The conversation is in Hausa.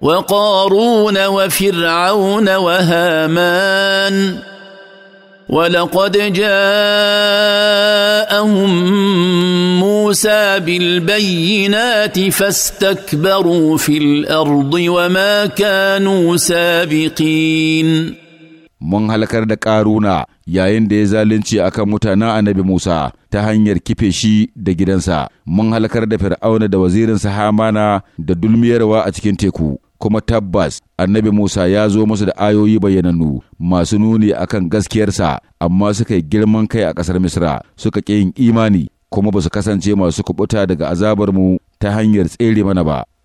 وقارون وفرعون وهامان ولقد جاءهم موسى بالبينات فاستكبروا في الارض وما كانوا سابقين mun halakar da ƙaruna yayin da ya zalunci akan mutanen annabi Musa ta hanyar kife shi da gidansa, mun halakar da fir'auna da wazirinsa Hamana da dulmiyarwa a cikin teku. kuma tabbas annabi Musa ya zo musu da ayoyi bayyanannu masu nuni akan gaskiyarsa amma suka yi girman kai a ƙasar Misra suka ƙi yin imani kuma ba su kasance masu kubuta daga azabarmu ta hanyar tsere mana ba.